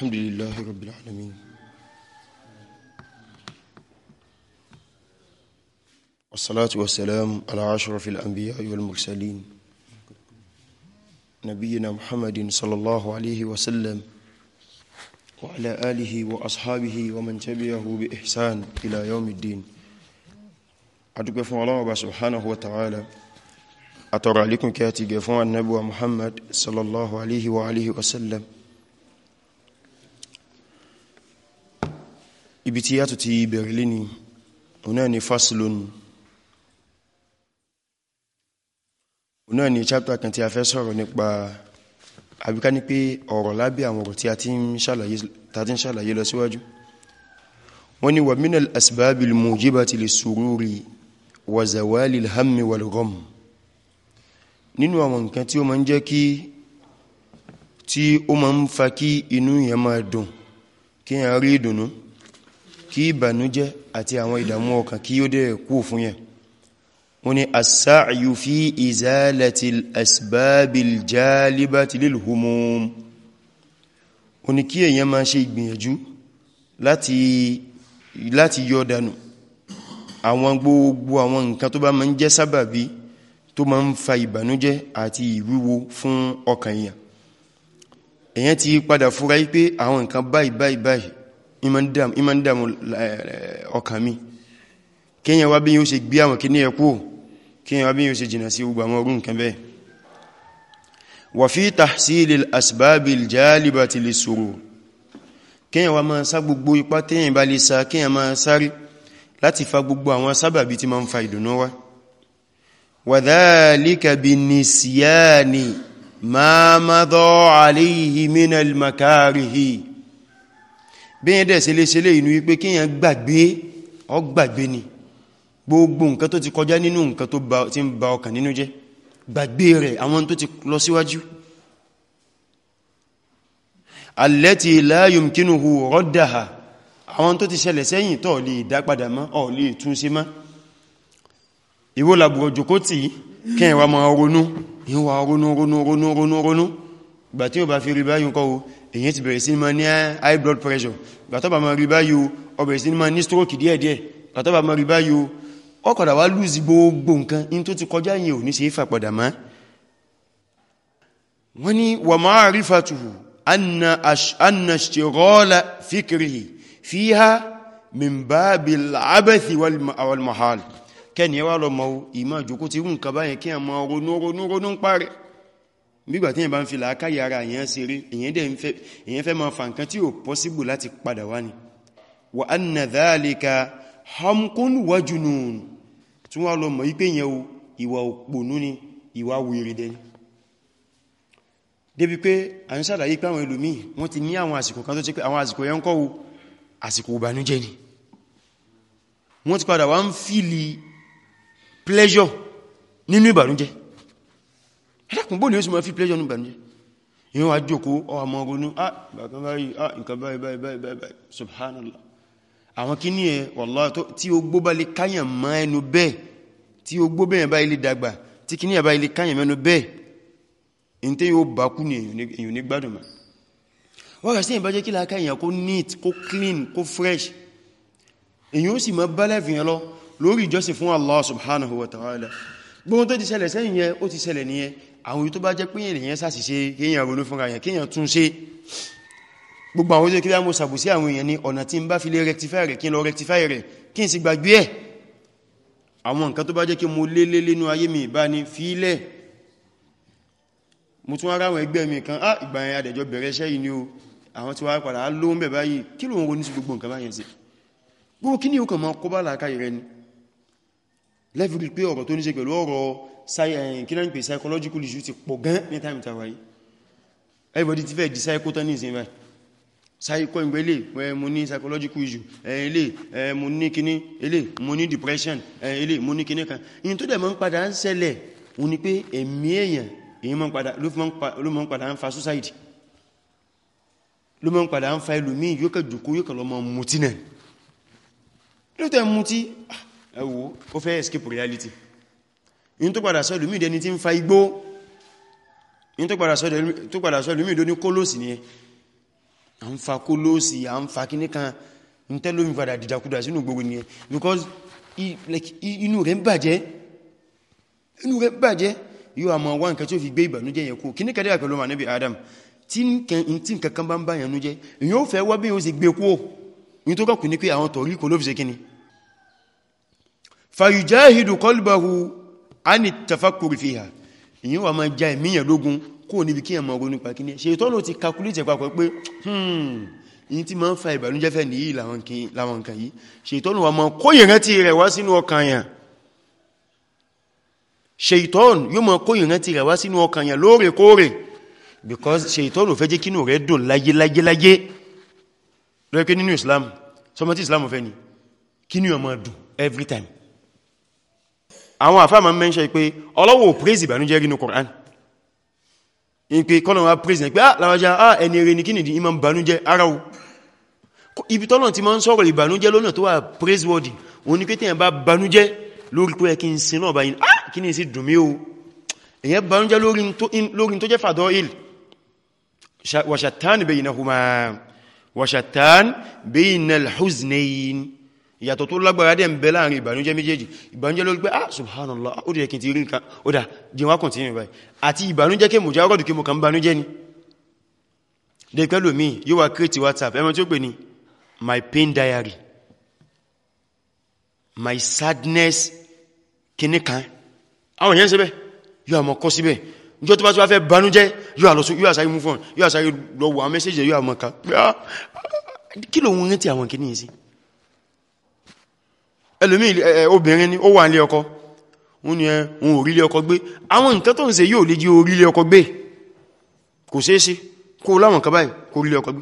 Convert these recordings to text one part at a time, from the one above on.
الحمد لله رب العالمين والصلاة والسلام على أشرف الأنبياء والمرسلين نبينا محمد صلى الله عليه وسلم وعلى آله وأصحابه ومن تبعه بإحسان إلى يوم الدين أتقف الله سبحانه وتعالى أترى لكم كاتي قفوان النبوة محمد صلى الله عليه وآله وسلم ibi tí yàtò ti bẹ̀rẹ̀ lé ní ọ̀nà ni fásilónù ọ̀nà ni chapter kan tí a fẹ́ sọ̀rọ̀ nípa àbíká ní pé ọ̀rọ̀ lábẹ́ àwọn ọ̀rọ̀ tí a ti ń ṣàlàyé lọ síwájú wọ́n ni wa minal asbabil mujibati lissururi wa zawalil hammi wal kí ìbànújẹ́ àti àwọn ìdàmú ọkàn kí ó dẹ̀ kú fún yẹn wọ́n ni as-sa'yu fi izalati al-asbabil jalibati lil humum wọ́n ni kí èyàn máa ṣe ìgbìyànjú láti láti yọ dànù àwọn gbogbo àwọn nǹkan tó bá máa ń jẹ́ sábàbí tó máa ń fa ìbànújẹ́ àti ìwúwo fún ọkàn èyàn èyàn ti padà fúra wípé àwọn nǹkan báyìí báyìí báyìí ìmọ̀ndàmù eh, eh, ọkàn mi kíyàn wá bí yíò ṣe gbé àwọn kíní ẹkú kíyàn wá bí yíò ṣe jìnà sí ugbà mọ́ orú nǹkan bẹ́ẹ̀ wà fí tahsil al-asbābi al-jālibati lis kíyàn wá máa sá gbogbo ipá tíyàn bá lè sá kíyàn máa sáré láti fa gbogbo àwọn sábàbí tí máa ń fa ìdùnnú wá wa dhālika bi-nisyāni mā maḍā ʿalayhi min al bíyẹn dẹ̀ ṣe lè inú wípé kíyàn gbàgbé ọgbàgbé ni gbogbo nǹkan tó ti kọjá nínú nǹkan tó ti ń ba ọkàn nínú jẹ́ gbàgbé rẹ̀ àwọn tó ti lọ síwájú allati la yumkinuhu raddaha àwọn tó ti ṣẹlẹ̀ sẹ́yìn tó lè dápadà mọ́ ọ̀ lè tún ṣe mọ́ ìwó làbùrọ̀ jòkó tí kẹ́yìn wa ronú ìwà ronú ronú ronú ronú ronú gbà tí ó bá fi rí báyìí kọ́wọ́ èyàn ti bẹ̀rẹ̀ sí ma ní eh, high blood pressure gbàtọ́bà ma rí báyìí ó bẹ̀rẹ̀ sí ma ní stroke díẹ̀díẹ̀ gbàtọ́bà ma rí báyìí ó kọ̀dà wá lùzí gbogbo nǹkan in tó ti kọjá yìí ò ní ṣe é padà má wọ́n ni wà máa rí fàtuhù anna ṣirọ́lá fíkìrì fi ha min bí lábẹ́sì nígbà tí yẹn bá ń fi làákàyè ara èyàn ṣeré èyàn dẹ̀ èyàn fẹ́ máa fa nǹkan tí ò pọ́síbù láti padà wá ni wa anna dhalika hamkun wa junun tí wọ́n lọ mọ̀ wípé yẹn ìwà òpònú ni ìwà wèrè dẹ̀ débi ni wọ́n ti pleasure nínú ìbànújẹ́ ẹ̀dàkùn bóòlù yóò sì mọ́ fi pleasure ní bàmí yíò wá jòkó ọmọ ọgbónú àbàkan ah, báyìí à ah, subhanallah àwọn kí ní ẹ wallahi tí ó gbó bá lè káyàn mọ́ ẹnu bẹ́ẹ̀ tí ó gbó bẹ́ẹ̀ báyìí lè dàgbà tí kí ní ẹ báyìí lè káyàn neat kó clean kó fresh èyàn ó sì mọ́ bá lẹ́fì Allah subhanahu wa ta'ala gbóhun tó ti ṣẹlẹ̀ sẹ́yìn yẹn àwọn yìí tó bá jẹ́ pé èèyàn ṣàṣìṣe kéèyàn ronú fúnra yẹn kéèyàn tún ṣe gbogbo àwọn oṣèkí láàmú ṣàbùsí àwọn èèyàn ní ọ̀nà tí ń bá fi lè rectify rẹ̀ kí n lọ rectify rẹ̀ kí n sì gbàgbé ẹ̀ àwọn nǹkan tó bá jẹ́ kí mo lé lé lénú ayé mi ìbá ní fílẹ̀ mo tún ara àwọn ẹgbẹ́ mi kan á ah, ìgbà yẹn bẹ̀rẹ̀ iṣẹ́ yìí ni o àwọn tí wá padà ló ń bẹ̀ báyìí kí ló ń ronú sí gbogbo nǹkan báyẹn sí gbogbo kí ni ó kàn mọ́ kó bá làákàyè rẹ ni lẹ́fi pé ọ̀rọ̀ tó ní ṣe pẹ̀lú ọ̀rọ̀ Eh, kílẹ̀ ń pè psychological issue ti pọ̀ gan ní time tàwà yìí everybody ti fẹ́ di psychotonism right psycho ìgbélé eh, mo ní psychological issue ilé eh, mo ní kíní ilé mo ní depression ilé mo ní kíní kan in tó dẹ̀ mọ́ ń padà ń ṣẹlẹ̀ o ní pé ẹ̀mí èèyàn èyí ló mọ́ ń padà ń fa society ló mọ́ ń padà ń fa ẹlòmí yóò kẹ́ jùkú yóò in tó padà sọ́lùmí ìdẹni tí ń fa igbó in tó padà sọ́lùmí ìdó ní kólóòsì ni a ń fa kólóòsì a ń fa kíníkan ń tẹ́lómi padà dìdàkudà sínú gbogbo ni because inú rẹ̀ bàjẹ́ inú rẹ̀ bàjẹ́ yóò àmọ́ wá nǹkan tí ó fi gbé ìbànújẹ́ yẹ kú kíníkan dẹ́ àpẹ̀lọ́mà níbi Adam tí nǹkan kan bá ń báyàn nújẹ́ èyí ó fẹ́ wá bí ó sì gbé kú ní tó kọ̀kù ní pé àwọn tọ̀rí kò ló fi ṣe kíni fàyùjáhìdù kọlùbàhù Ani ní tafakuri fi ha ìyín wà máa já ìmíyàn lógún kó níbi kíyàn máa ronú pa kíní ṣe tọ́nà ti calculate papọ̀ pé hmm, ìyín tí máa ń fa ìbànújẹ́ fẹ́ nìyí làwọn nǹkan yìí ṣe tọ́nà wà máa kó ìrántí rẹ̀ wá sínú ọkàn yàn ṣeìtọ́nù yóò mọ̀ kó ìrántí rẹ̀ wá sínú ọkàn yàn lóòrèkóòrè because ṣeìtọ́nù fẹ́ jẹ́ kínú rẹ̀ dùn láyé láyé láyé lọ́yẹ́ pé nínú Islam sọmọ́tí Islam fẹ́ ni kínú ọmọ dùn every time àwọn àfáàmà mẹ́ṣẹ́ pé ọlọ́wọ̀ praise ìbànújẹ́ rínú Qur'an in pé kọ́nà wá praise ní pé ah láwájá ah ẹni eré ní kínìdí imam ìbànújẹ́ ara o ibi tọ́lọ̀ ti ma ń sọ̀rọ̀ ìbànújẹ́ lọ́nà tó wà praise worthy o ní pé tí ẹ̀bá ìbànújẹ́ lórí pé ẹkí sin náà báyìí ah kí ní sí dùnmí o èyàn ìbànújẹ́ ìyàtọ̀ tó lágbára dẹ̀ ń bẹ láàrin ìbànújẹ́ méjèèjì ìbànújẹ́ ló gbé ah subhanallah ó dẹ̀ kí n ti rí nǹkan ó dà jí wá kùn tí ní báyìí àti ìbànújẹ́ kí mò já rọ̀dù kí mò kàn bànújẹ́ ni dẹ̀ pẹ́lú mi yóò wá create whatsapp ẹmọ tí ó pè ní my pain diary my sadness kìíní kan àwọn yẹn síbẹ̀ yóò àmọ́ kọ́ síbẹ̀ níjọ́ tó bá tó bá fẹ́ bànújẹ́ yóò àlọ́sùn yóò àsáyé mú fún yóò àsáyé lọ́wọ́ àwọn mẹ́sẹ̀jì yóò àmọ́ kan kí lòun rántí àwọn kìíní yìí sí ẹlòmí obìnrin ni ó wà nílé ọkọ wọ́n ni ẹ̀hùn orílẹ̀ ọkọ gbé àwọn nǹkan tó ń ṣe yóò lè jí orílẹ̀ ọkọ gbé kò ṣeéṣe kó láwọn kàbáyì kó orílẹ̀ ọkọ gbé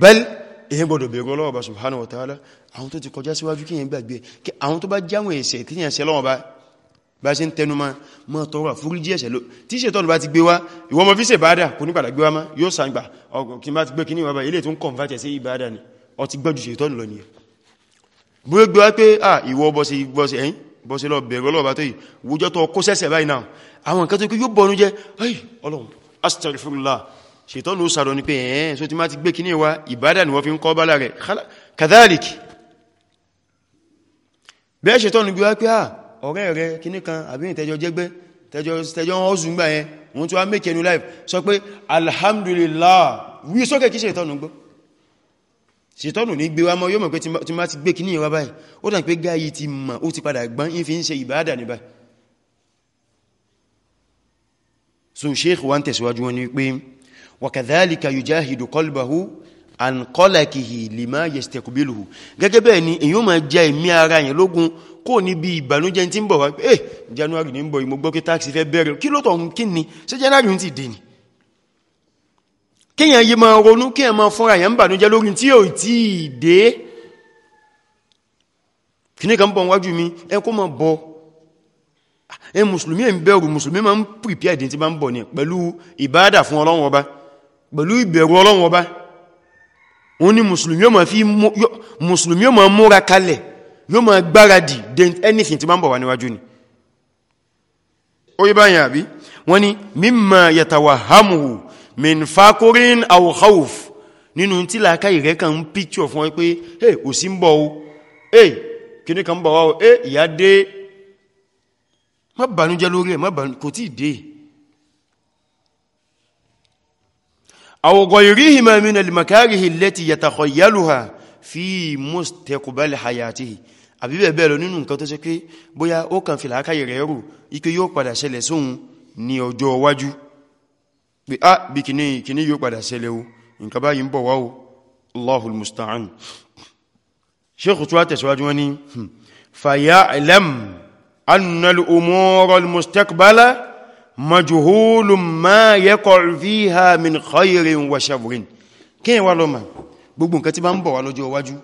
bẹ́l èyàn gbọdọ̀ bèèrè Ọlọ́run Ọba subhanahu wa ta'ala àwọn tó ti kọjá síwájú kíyàn gbàgbé kí àwọn tó bá jáwọn ẹ̀ṣẹ̀ tí yàn ṣe lọ́wọ́ bá bá ní padà ni ọ ti gbọ́jù gbogbo wá pé à ah, ìwọ bọ́sí bọ́sí ẹ̀yìn bọ́sí lọ bẹ̀rẹ̀ ọlọ́ọ̀bá tó yìí wùjọ́ tó kó sẹ́sẹ̀ báyìí náà àwọn nǹkan tó kí yóò bọ̀nú jẹ́ ẹ̀yìn ọlọ́run astaghfirullah ṣètọ́nù sàrọ̀ ní pé ẹ̀ẹ́n so ti má ti gbé kíní wa ìbádà ni wọ́n fi ń kọ́ bálá rẹ̀ kadhalik bẹ́ẹ̀ ṣètọ́nù gbé wá pé à ah, ọ̀rẹ́ rẹ̀ kíní kan àbí ìtẹ́jọ jẹ́gbẹ́ tẹjọ ń ọ́zùn gbà yẹn wọ́n tún wá mẹ́kẹ̀ẹ́nu life sọ pé alhamdulillah wí sókè kí ṣètọ́nù gbọ́ ṣètọ́nù ní gbé wa mọ́ yóò mọ̀ pé tí má ti gbé kí ní ìwá báyìí ó dàn pé gáyí ti mọ̀ ó ti padà gbọ́n ìfi ń ṣe ìbáadà ní báyìí so sheikh wa ń tẹ̀síwájú wọn ni pé wakadhalika yujahidu qalbahu ni èyí ó máa jẹ ìmí ara eh january ní ń bọ̀ ìmọ̀gbọ́ pé táàkì ni ṣe january ń kíyàn yí máa ronú kíyàn máa fúnra yẹn ń bànújẹ́ lórí tí yóò tí dé kìní kan bọ̀ wájú mi ẹ kó máa bọ̀ ẹ mùsùlùmí ẹ̀ ń bẹ̀rù mùsùlùmí máa ń prepare ìdí tí bá ń bọ̀ ní pẹ̀lú ìbádà fún Ọlọ́run Ọba pẹ̀lú ìbẹ̀rù Ọlọ́run anything tí bá ń bọ̀ wá níwájú ni ó yí báyìí min fakorin aw khawf nínú tí làákà ìrẹ́ kan picture fún ẹ pé hey ò sí o hey kíní kan bọ̀ wá o hey ìyá ma banu bànújẹ́ lórí ẹ̀ má bànú kò tí dé aw ghayrihima min al-makarihi allati yatakhayyaluha fi mustaqbal hayatihi àbí bẹ́ẹ̀ lọ nínú nǹkan tó ṣe pé bóyá ó kàn fi làákà ìrẹ́ rù ike yóò padà ṣẹlẹ̀ sóhun ní ọjọ́ iwájú pé á bí ah, kìíní yóò padà ṣẹlẹ̀ o nǹkan báyìí ń bọ̀ wá o allahul musta'an sheikh tuwa tẹ̀síwájú wani hmm, faya'lam annal umurul mustaqbala majhulun ma yaqa'u fiha min khairin wa sharrin kí wá lọ ma gbogbo nǹkan tí bá ń bọ̀ wá lọ́jọ́ iwájú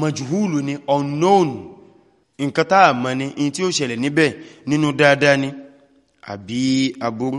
majhulu ni unknown nǹkan tá a mọ̀ ni in tí ó ṣẹlẹ̀ níbẹ̀ nínú dáadáa ni àbí aburú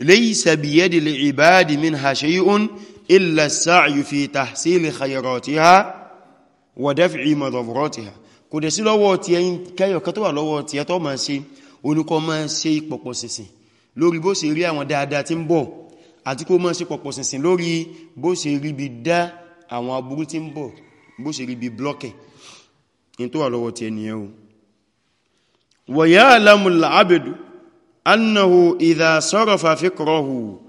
ليس بيد العباد منها شيء إلا السعي في تحصيل خيراتها ودفع مضراتها kò dẹ̀ sí lọ́wọ́ ti ẹyin kẹyọ̀ kan tó wà lọ́wọ́ ti ẹ̀tọ́ ma ṣe oníkọ́ ma ṣe pọ̀pọ̀ ṣinṣin lórí bó ṣe rí àwọn dáadáa tí ń bọ̀ àti kó ma ṣe pọ̀pọ̀ lọ́wọ́ أنه إذا صرف فكره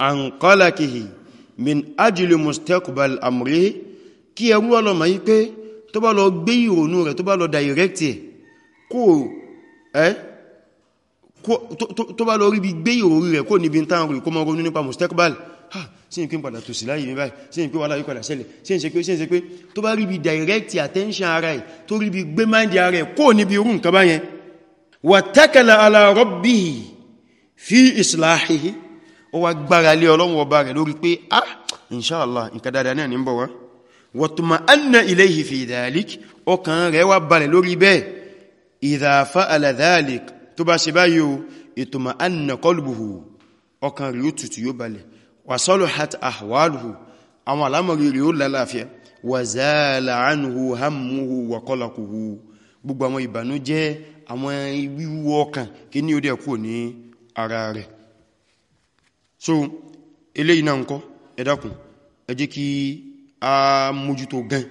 عن قلقه من أجل مستقبل أمره kí ẹrú ọlọ́mà yí pé tó bá lọ gbé ìrònú rẹ̀ tó bá lọ dàírẹ́kìtì kó ẹ́ tó bá lọ rí bí gbé ìròrí rẹ̀ kó níbi tán rí kó mọ́ ronú nípa mustaqbal ha sí ìpín padà tòsí láyé mi báyìí sí ìpín wà láyé padà ṣẹlẹ̀ sí ìṣẹ́ pé sí ìṣẹ́ pé tó bá rí bí direct attention ara ẹ̀ tó rí bí gbé mind ara ẹ̀ kó níbi irú nǹkan báyẹn wàtẹ́kẹ̀lẹ̀ alárọ́bì fi ìsìláhìí ó wá gbára lé ọlọ́run ọba rẹ̀ lórí pé ah inṣáàlá nǹkan dáadáa náà ní bọ̀ wá wọ̀tùmà anna ilayhi fi dhalik ọkàn rẹ̀ wá balẹ̀ lórí bẹ́ẹ̀ idha fa'ala dhalik tó bá ṣe báyìí o ìtùmà anna qalbuhu ọkàn rẹ̀ yóò tutù yóò balẹ̀ àwọn wíwú ọkàn kí ní ó dẹ̀ ní ara rẹ̀ so eléyìí náà ńkọ́ ẹ dákun ẹ kí a mójútó gan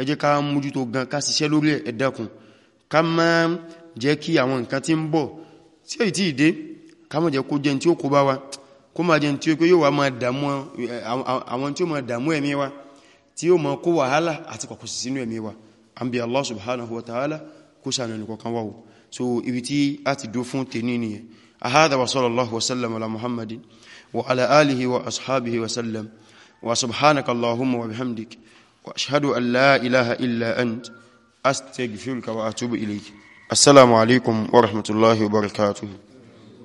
ẹ jẹ́ ká mójútó gan ká ṣiṣẹ́ lórí ẹ dákun ká má jẹ́ kí àwọn nǹkan tí ń bọ̀ tí èyí tí ìdé ká má jẹ́ kó jẹ́ tí ó kó bá wa kó má jẹ́ tí ó pé yóò wá máa dàmú àwọn tí ó máa dàmú ẹ̀mí wa tí ó máa kó wàhálà àti kọ̀kọ̀ sí sínú ẹ̀mí wa àbí Allah subhanahu wa ta'ala kó ṣàánú ẹnì kọ̀ọ̀kan wá o so ibi tí a ti dó fún tèní nìyẹn ahada wa sallallahu wa sallam ala muhammadin wa ala alihi wa ashabihi wa sallam wa subhanaka allahumma wa bihamdik wa ashhadu an la ilaha illa ant astaghfiruka wa atubu ilayk assalamu alaikum wa rahmatullahi wa barakatuh